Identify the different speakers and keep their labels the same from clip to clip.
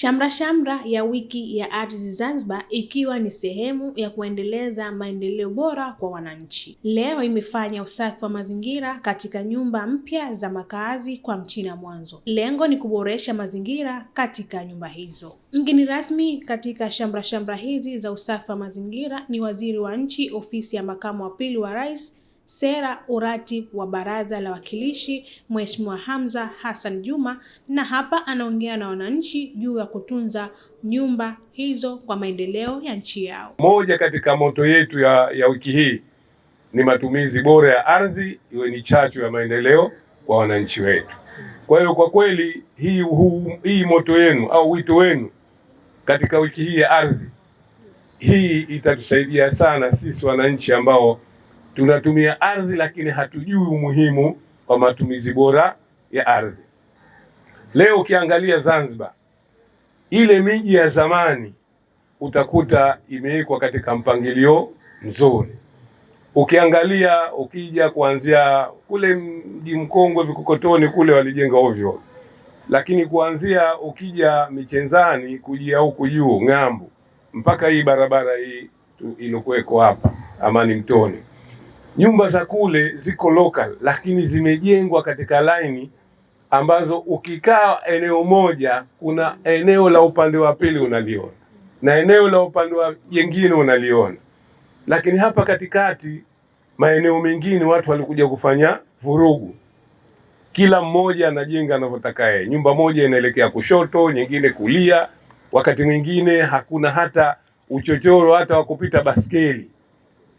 Speaker 1: Shamrashamra ya wiki ya ardhi Zanzibar ikiwa ni sehemu ya kuendeleza maendeleo bora kwa wananchi, leo imefanya usafi wa mazingira katika nyumba mpya za makazi kwa Mchina Mwanzo. Lengo ni kuboresha mazingira katika nyumba hizo. Mgeni rasmi katika shamra shamra hizi za usafi wa mazingira ni Waziri wa Nchi, Ofisi ya Makamu wa Pili wa Rais sera uratibu wa Baraza la Wawakilishi, Mheshimiwa Hamza Hassan Juma, na hapa anaongea na wananchi juu ya kutunza nyumba hizo kwa maendeleo ya nchi yao.
Speaker 2: Moja katika moto yetu ya, ya wiki hii ni matumizi bora ya ardhi iwe ni chachu ya maendeleo kwa wananchi wetu. Kwa hiyo kwa kweli hii, huu, hii moto yenu au wito wenu katika wiki hii ya ardhi hii itatusaidia sana sisi wananchi ambao tunatumia ardhi lakini hatujui umuhimu wa matumizi bora ya ardhi. Leo ukiangalia Zanzibar, ile miji ya zamani utakuta imewekwa katika mpangilio mzuri. Ukiangalia ukija kuanzia kule mji mkongwe Vikokotoni kule walijenga ovyo, lakini kuanzia ukija Michenzani kujia huku juu ng'ambo mpaka hii barabara hii ilokuweko hapa Amani Mtoni Nyumba za kule ziko local, lakini zimejengwa katika laini ambazo ukikaa eneo moja, kuna eneo la upande wa pili unaliona na eneo la upande wa jengine unaliona, lakini hapa katikati maeneo mengine watu walikuja kufanya vurugu. Kila mmoja anajenga anavyotaka yeye. Nyumba moja inaelekea kushoto, nyingine kulia, wakati mwingine hakuna hata uchochoro hata wa kupita baskeli.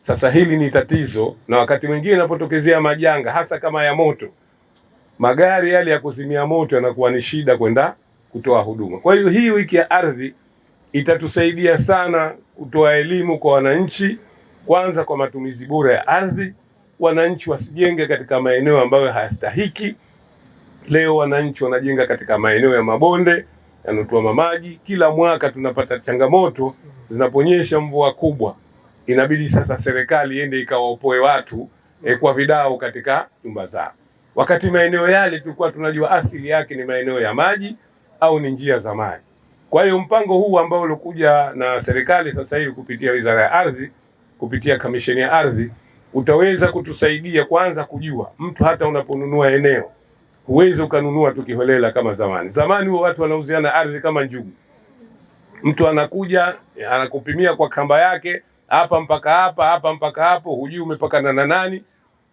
Speaker 2: Sasa hili ni tatizo, na wakati mwingine inapotokezea majanga hasa kama ya moto, magari yale ya kuzimia moto yanakuwa ni shida kwenda kutoa huduma. Kwa hiyo hii wiki ya ardhi itatusaidia sana kutoa elimu kwa wananchi, kwanza kwa matumizi bora ya ardhi, wananchi wasijenge katika maeneo ambayo hayastahiki. Leo wananchi wanajenga katika maeneo ya mabonde yanatuama maji. Kila mwaka tunapata changamoto zinaponyesha mvua kubwa inabidi sasa serikali iende ikawaopoe watu e, kwa vidao katika nyumba zao, wakati maeneo yale tulikuwa tunajua asili yake ni maeneo ya maji au ni njia za maji. Kwa hiyo mpango huu ambao ulikuja na serikali sasa hivi kupitia Wizara ya Ardhi, kupitia Kamisheni ya Ardhi, utaweza kutusaidia kwanza kujua mtu hata unaponunua eneo huwezi ukanunua tukiholela kama zamani. Zamani huo watu wanauziana ardhi kama njugu, mtu anakuja anakupimia kwa kamba yake hapa mpaka hapa, hapa mpaka hapo, hujui umepakana na nani.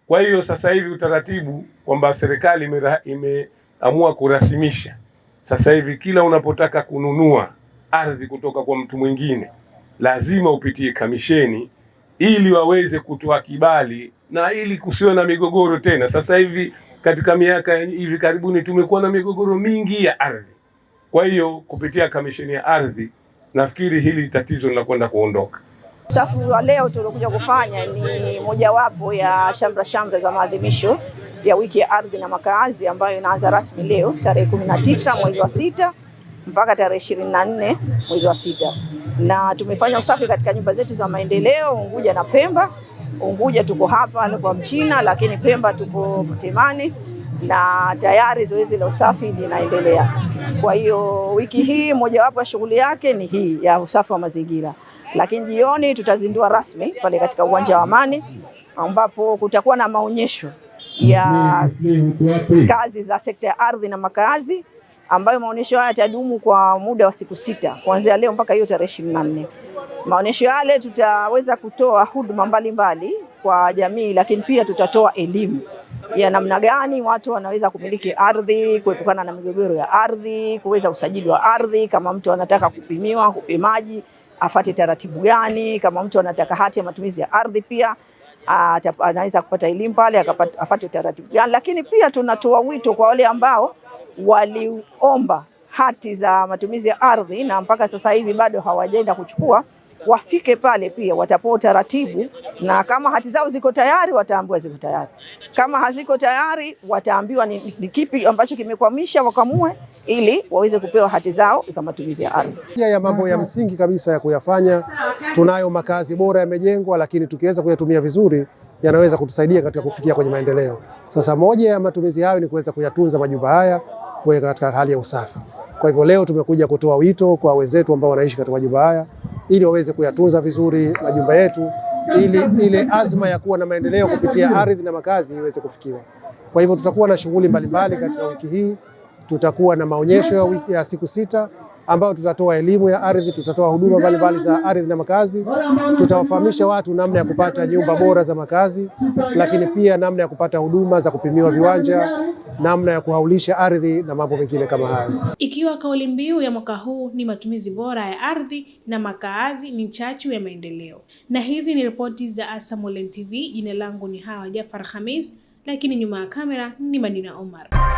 Speaker 2: Kwa hiyo sasa hivi utaratibu kwamba serikali imeamua kurasimisha sasa hivi, kila unapotaka kununua ardhi kutoka kwa mtu mwingine lazima upitie kamisheni ili waweze kutoa kibali na ili kusiwe na migogoro tena. Sasa hivi katika miaka hivi karibuni tumekuwa na migogoro mingi ya ardhi. Kwa hiyo kupitia kamisheni ya ardhi, nafikiri hili tatizo linakwenda kuondoka.
Speaker 3: Usafi wa leo tuliokuja kufanya ni mojawapo ya shamra shamra za maadhimisho ya wiki ya ardhi na makaazi ambayo inaanza rasmi leo tarehe 19 mwezi wa sita mpaka tarehe ishirini na nne mwezi wa sita, na tumefanya usafi katika nyumba zetu za maendeleo Unguja na Pemba. Unguja tuko hapa kwa Mchina, lakini Pemba tuko Mtemani na tayari zoezi la usafi linaendelea. Kwa hiyo wiki hii mojawapo ya shughuli yake ni hii ya usafi wa mazingira lakini jioni tutazindua rasmi pale katika uwanja wa Amani ambapo kutakuwa na maonyesho ya kazi za sekta ya ardhi na makazi ambayo maonyesho haya yatadumu kwa muda wa siku sita kuanzia leo mpaka hiyo tarehe ishirini na nne. Maonyesho yale tutaweza kutoa huduma mbalimbali mbali kwa jamii, lakini pia tutatoa elimu ya namna gani watu wanaweza kumiliki ardhi, kuepukana na migogoro ya ardhi, kuweza usajili wa ardhi, kama mtu anataka kupimiwa, kupimaji afate taratibu gani. Kama mtu anataka hati ya matumizi ya ardhi pia anaweza kupata elimu pale, afate taratibu gani. Lakini pia tunatoa wito kwa wale ambao waliomba hati za matumizi ya ardhi na mpaka sasa hivi bado hawajaenda kuchukua wafike pale pia, watapewa utaratibu, na kama hati zao ziko tayari wataambiwa ziko tayari, kama haziko tayari wataambiwa ni, ni kipi ambacho kimekwamisha wakamue, ili waweze kupewa hati zao za matumizi ya ardhi.
Speaker 4: Ya mambo ya msingi kabisa ya kuyafanya, tunayo makazi bora yamejengwa, lakini tukiweza kuyatumia vizuri yanaweza kutusaidia katika kufikia kwenye maendeleo. Sasa moja ya matumizi hayo ni kuweza kuyatunza majumba haya kuweka katika hali ya usafi. Kwa hivyo leo tumekuja kutoa wito kwa wenzetu ambao wanaishi katika majumba haya ili waweze kuyatunza vizuri majumba yetu, ili ile azma ya kuwa na maendeleo kupitia ardhi na makazi iweze kufikiwa. Kwa hivyo tutakuwa na shughuli mbalimbali katika wiki hii, tutakuwa na maonyesho ya siku sita ambao tutatoa elimu ya ardhi, tutatoa huduma mbalimbali za ardhi na makazi, tutawafahamisha watu namna ya kupata nyumba bora za makazi, lakini pia namna ya kupata huduma za kupimiwa viwanja, namna ya kuhaulisha ardhi na mambo mengine kama hayo.
Speaker 1: Ikiwa kauli mbiu ya mwaka huu ni matumizi bora ya ardhi na makaazi ni chachu ya maendeleo. Na hizi ni ripoti za ASAM Online TV. Jina langu ni Hawa Jafar Khamis, lakini nyuma ya kamera ni Madina Omar.